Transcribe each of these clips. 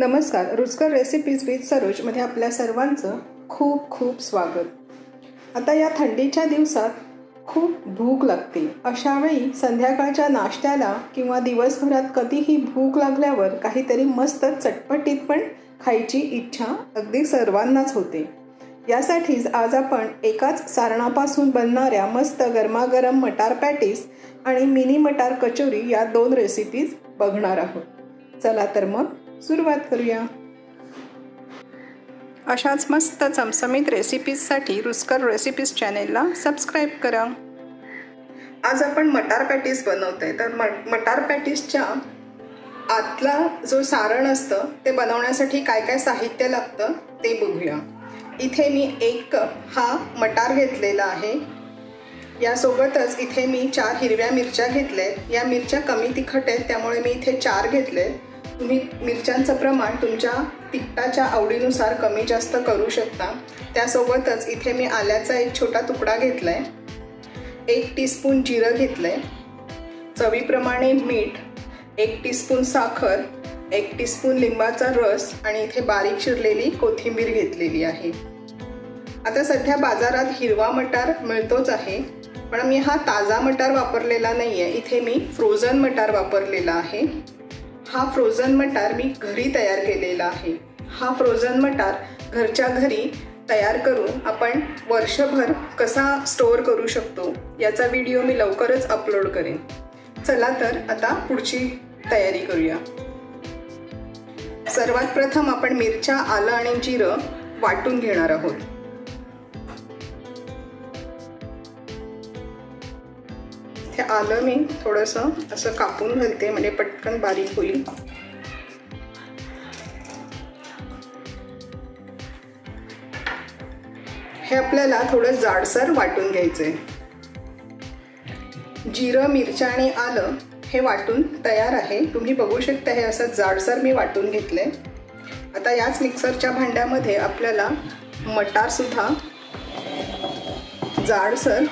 नमस्कार रुचकर recipes with सरोजमध्ये आपल्या सर्वांचं खूप खूप स्वागत आता या थंडीच्या दिवसात खूप भूक लागते अशावेळी संध्याकाळच्या नाश्त्याला किंवा दिवसभरात कधीही भूक लागल्यावर काहीतरी मस्त चटपटीत पण खायची इच्छा अगदी सर्वांनाच होते यासाठीच आज आपण एकाच सारणापासून बनणाऱ्या मस्त गरमागरम मटार पॅटीस आणि मिनी मटार कचोरी या दोन रेसिपीज बघणार आहोत चला तर मग सुरुवात करूया अशाच मस्त चमचमीत रेसिपीजसाठी रुस्कर रेसिपीज चॅनेलला सबस्क्राईब करा आज आपण मटार पॅटीस बनवतो आहे तर मट मटार पॅटीसच्या आतला जो सारण असतं ते बनवण्यासाठी काय काय साहित्य लागतं ते बघूया इथे मी एक कप हा मटार घेतलेला आहे यासोबतच इथे मी चार हिरव्या मिरच्या घेतल्या या मिरच्या कमी तिखट आहेत त्यामुळे मी इथे चार घेतले तुम्ही मिरच्यांचं प्रमाण तुमच्या तिखटाच्या आवडीनुसार कमी जास्त करू शकता त्यासोबतच इथे मी आल्याचा एक छोटा तुकडा घेतला आहे एक टीस्पून जिरं घेतलं आहे चवीप्रमाणे मीठ एक टीस्पून साखर एक टीस्पून लिंबाचा रस आणि इथे बारीक चिरलेली कोथिंबीर घेतलेली आहे आता सध्या बाजारात हिरवा मटार मिळतोच आहे पण मी हा ताजा मटार वापरलेला नाही आहे इथे मी फ्रोझन मटार वापरलेला आहे हा फ्रोझन मटार मी घरी तयार केलेला आहे हा फ्रोझन मटार घरच्या घरी तयार करून आपण वर्षभर कसा स्टोर करू शकतो याचा व्हिडिओ मी लवकरच अपलोड करेन चला तर आता पुढची तयारी करूया सर्वात प्रथम आपण मिरच्या आलं आणि जिरं वाटून घेणार आहोत आलं मी थोडंसं असं कापून घालते म्हणजे पटकन बारीक होईल हे आपल्याला थोडं जाडसर वाटून घ्यायचं आहे जिरं मिरच्या आणि आलं हे वाटून तयार आहे तुम्ही बघू शकता हे असं जाडसर मी वाटून घेतलंय आता याच मिक्सरच्या भांड्यामध्ये आपल्याला मटारसुद्धा जाडसर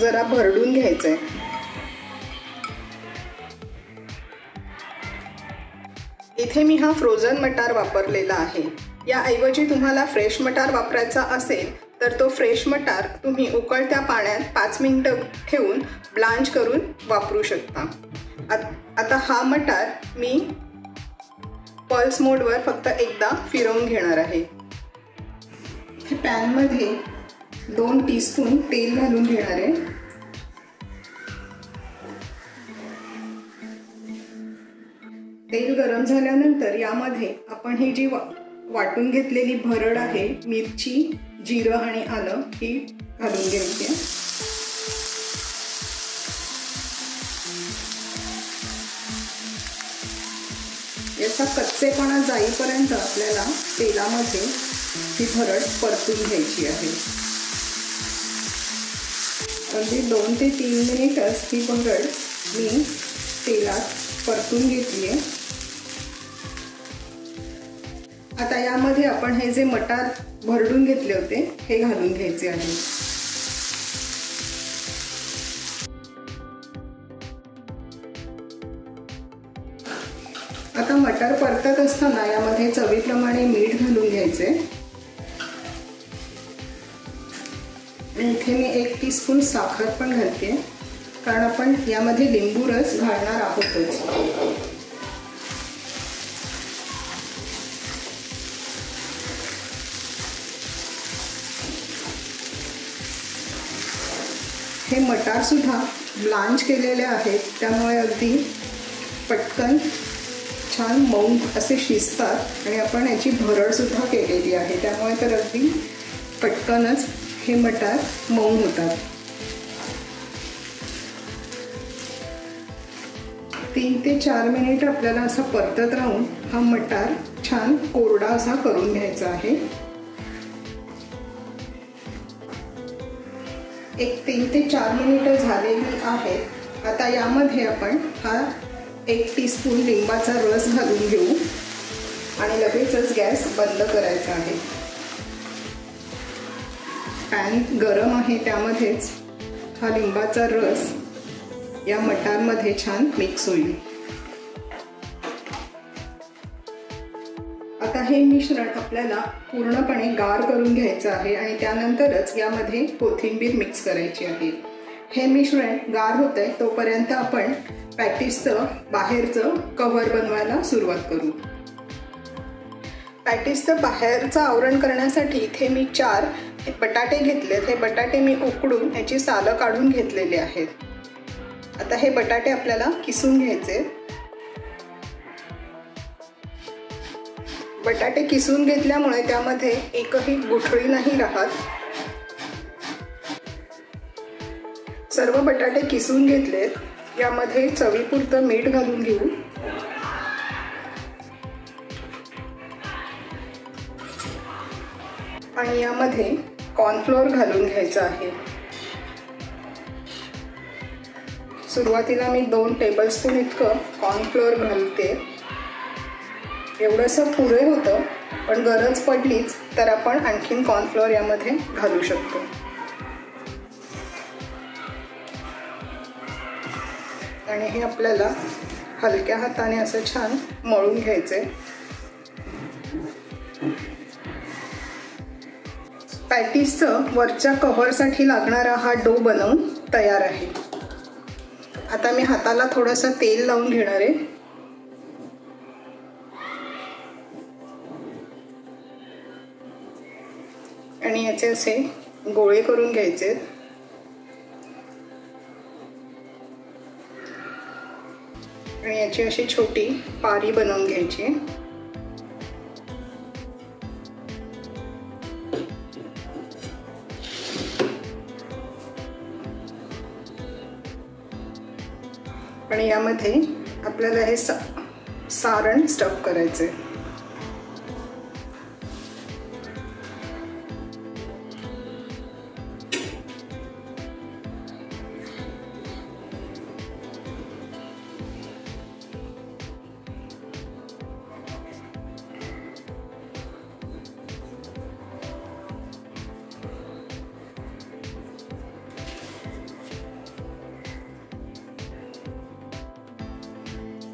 जरा भरडून घ्यायचं आहे इथे मी हा फ्रोझन मटार वापरलेला आहे याऐवजी तुम्हाला फ्रेश मटार वापरायचा असेल तर तो फ्रेश मटार तुम्ही उकळत्या पाण्यात पाच मिनटं ठेवून ब्लांच करून वापरू शकता आता हा मटार मी पल्स मोडवर फक्त एकदा फिरवून घेणार आहे पॅनमध्ये दोन टीस्पून तेल घालून घेणार आहे तेल गरम झाल्यानंतर यामध्ये आपण ही जी वाटून घेतलेली भरड आहे मिरची जिरं आणि आलं ही घालून घ्यायची याचा कच्चेपणा जाईपर्यंत आपल्याला तेलामध्ये ही भरड परतून घ्यायची आहे अगदी दोन ते तीन मिनिटच ही भरड मी तेलात परतून घेतली आहे यामध्ये आपण हे जे मटार भरडून घेतले होते हे घालून घ्यायचे आहे आता मटार परतत असताना यामध्ये चवीप्रमाणे मीठ घालून घ्यायचे इथे मी एक स्पून साखर पण घालते कारण आपण यामध्ये लिंबू रस घालणार आहोतच हे मटारसुद्धा ब्लांच केलेले आहेत त्यामुळे अगदी पटकन छान मऊ असे शिजतात आणि आपण याची भरडसुद्धा केलेली आहे त्यामुळे तर अगदी पटकनच हे मटार मऊ होतात तीन ते चार मिनिट आपल्याला असा परतत राहून हा मटार छान कोरडा असा करून घ्यायचा आहे एक तीन ते चार मिनिटं झालेली आहेत आता यामध्ये आपण हा एक टीस्पून लिंबाचा रस घालून घेऊ आणि लगेचच गॅस बंद करायचा आहे पॅन गरम आहे त्यामध्येच हा लिंबाचा रस या मटारमध्ये छान मिक्स होईल हे मिश्रण आपल्याला पूर्णपणे गार करून घ्यायचं आहे आणि त्यानंतरच यामध्ये कोथिंबीर मिक्स करायची आहे हे मिश्रण गार होत आहे तोपर्यंत आपण पॅटिसचं बाहेरचं कव्हर बनवायला सुरुवात करू पॅटिसचं बाहेरचं आवरण करण्यासाठी इथे मी चार बटाटे घेतलेत हे बटाटे मी उकडून याची सालं काढून घेतलेली आहेत आता हे बटाटे आपल्याला किसून घ्यायचे बटाटे किसून घेतल्यामुळे त्यामध्ये एकही गुठळी नाही राहत सर्व बटाटे किसून घेतलेत यामध्ये चवीपुरतं मीठ घालून घेऊ आणि यामध्ये कॉर्नफ्लोअर घालून घ्यायचं आहे सुरुवातीला मी दोन टेबलस्पून इतकं कॉर्नफ्लोअर घालते एवढंसं पुरे होतं पण गरज पडलीच तर आपण आणखीन कॉर्नफ्लोअर यामध्ये घालू शकतो आणि हे आपल्याला हलक्या हाताने असं छान मळून घ्यायचे पॅटीसचं वरच्या कव्हरसाठी लागणारा हा डो बनवून तयार आहे आता मी हाताला थोडंसं तेल लावून घेणार आहे आणि याचे असे गोळे करून घ्यायचे आणि याची अशी छोटी पारी बनवून घ्यायची आणि यामध्ये आपल्याला हे सारण स्टफ करायचं आहे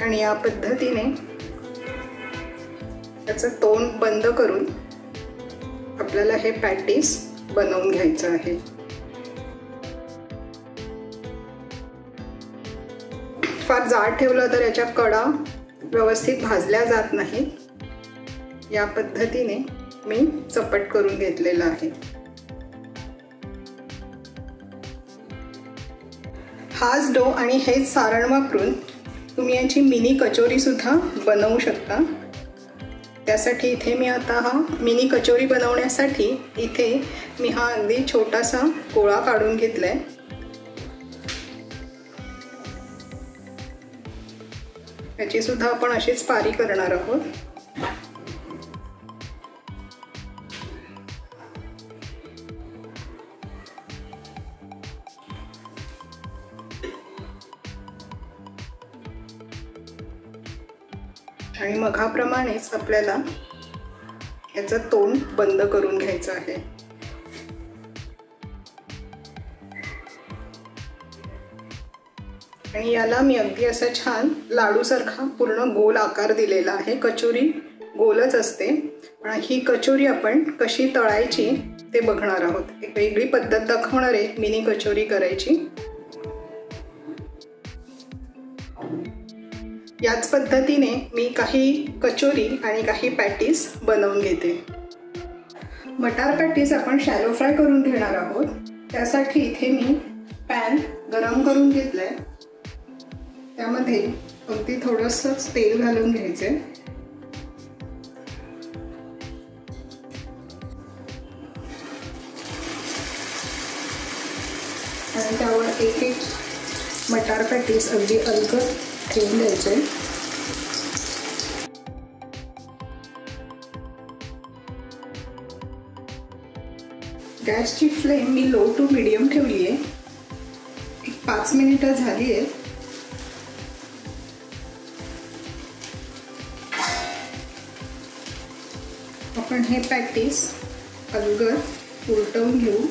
आणि या पद्धतीने त्याचं तोंड बंद करून आपल्याला हे पॅटीस बनवून घ्यायचं आहे फार जाड ठेवलं तर याच्या कडा व्यवस्थित भाजल्या जात नाहीत या पद्धतीने मी चपट करून घेतलेलं आहे हाच डो आणि हेच सारण वापरून तुम्ही याची मिनी कचोरीसुद्धा बनवू शकता त्यासाठी इथे मी आता हा मिनी कचोरी बनवण्यासाठी इथे मी हा अगदी छोटासा गोळा काढून घेतलाय याची सुद्धा आपण अशीच पारी करणार आहोत आणि मघाप्रमाणेच आपल्याला याचं तोंड बंद करून घ्यायचं आहे आणि याला मी अगदी असा छान लाडूसारखा पूर्ण गोल आकार दिलेला आहे कचोरी गोलच असते पण ही कचोरी आपण कशी तळायची ते बघणार आहोत एक वेगळी पद्धत दाखवणार आहे मिनी कचोरी करायची याच पद्धतीने मी काही कचोरी आणि काही पॅटीस बनवून घेते मटार पॅटीस आपण शॅलो फ्राय करून घेणार आहोत त्यासाठी इथे मी पॅन गरम करून घेतलं त्यामध्ये अगदी थोडंसंच तेल घालून घ्यायचंय आणि त्यावर एक एक मटार पॅटीस अगदी अलगद ठेवून आहे गॅसची फ्लेम मी लो टू मिडियम ठेवली आहे एक पाच मिनिटं झाली आहे आपण हे पॅटीस अलगद उलटवून घेऊ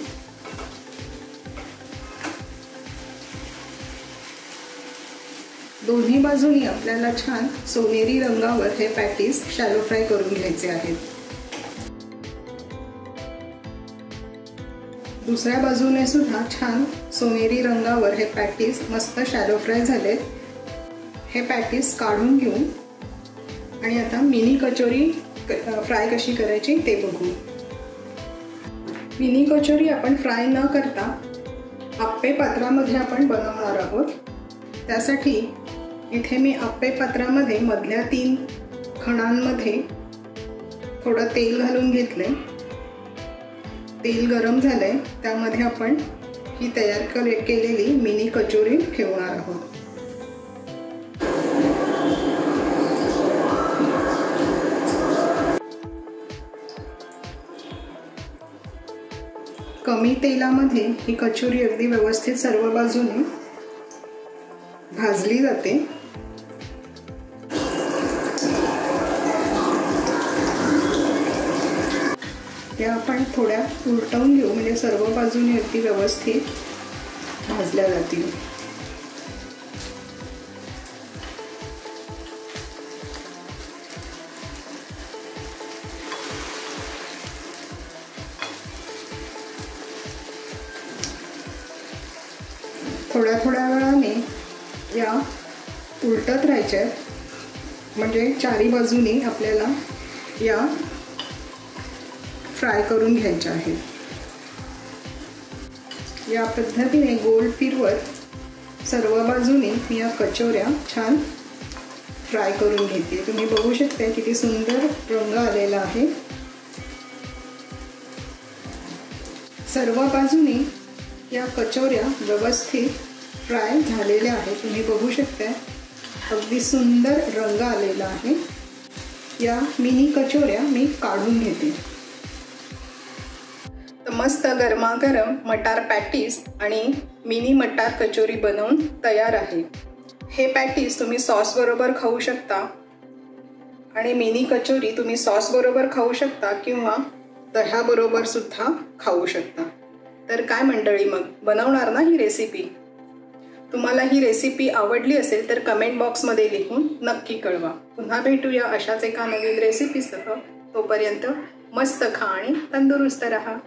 दोन्ही बाजूनी आपल्याला छान सोनेरी रंगावर हे पॅटीस शॅलो फ्राय करून घ्यायचे आहेत दुसऱ्या बाजूने सुद्धा छान सोनेरी रंगावर हे पॅटीस मस्त शॅलो फ्राय झालेत हे पॅटीस काढून घेऊन आणि आता मिनी कचोरी फ्राय कशी करायची ते बघू मिनी कचोरी आपण फ्राय न करता आप्पे पात्रामध्ये आपण बनवणार आहोत त्यासाठी इथे मी आपे पात्रामध्ये मधल्या तीन खणांमध्ये थोडं तेल घालून घेतलं तेल गरम झालंय त्यामध्ये आपण ही तयार करे केलेली मिनी कचोरी ठेवणार आहोत कमी तेलामध्ये ही कचोरी अगदी व्यवस्थित सर्व बाजूने भाजली जाते थोड्या उलटवून घेऊ म्हणजे सर्व बाजूने अगदी व्यवस्थित भाजल्या जातील थोड्या थोड्या वेळाने या उलटत राहायच्या म्हणजे चारी बाजूने आपल्याला या फ्राय करून घ्यायच्या आहेत या पद्धतीने गोल फिरवत सर्व बाजूने मी या कचोऱ्या छान फ्राय करून घेते तुम्ही बघू शकता किती सुंदर रंग आलेला आहे सर्व बाजूने या कचोऱ्या व्यवस्थित फ्राय झालेल्या आहेत तुम्ही बघू शकता अगदी सुंदर रंग आलेला आहे या मिनी कचोऱ्या मी काढून घेते मस्त गरमागरम मटार पॅटीस आणि मिनी मटार कचोरी बनवून तयार आहे हे पॅटीस तुम्ही सॉसबरोबर खाऊ शकता आणि मिनी कचोरी तुम्ही सॉसबरोबर खाऊ शकता किंवा दह्याबरोबर सुद्धा खाऊ शकता तर काय मंडळी मग बनवणार ना ही रेसिपी तुम्हाला ही रेसिपी आवडली असेल तर कमेंट बॉक्समध्ये लिहून नक्की कळवा पुन्हा भेटूया अशाच एका नवीन रेसिपीसह तोपर्यंत मस्त खा आणि तंदुरुस्त रहा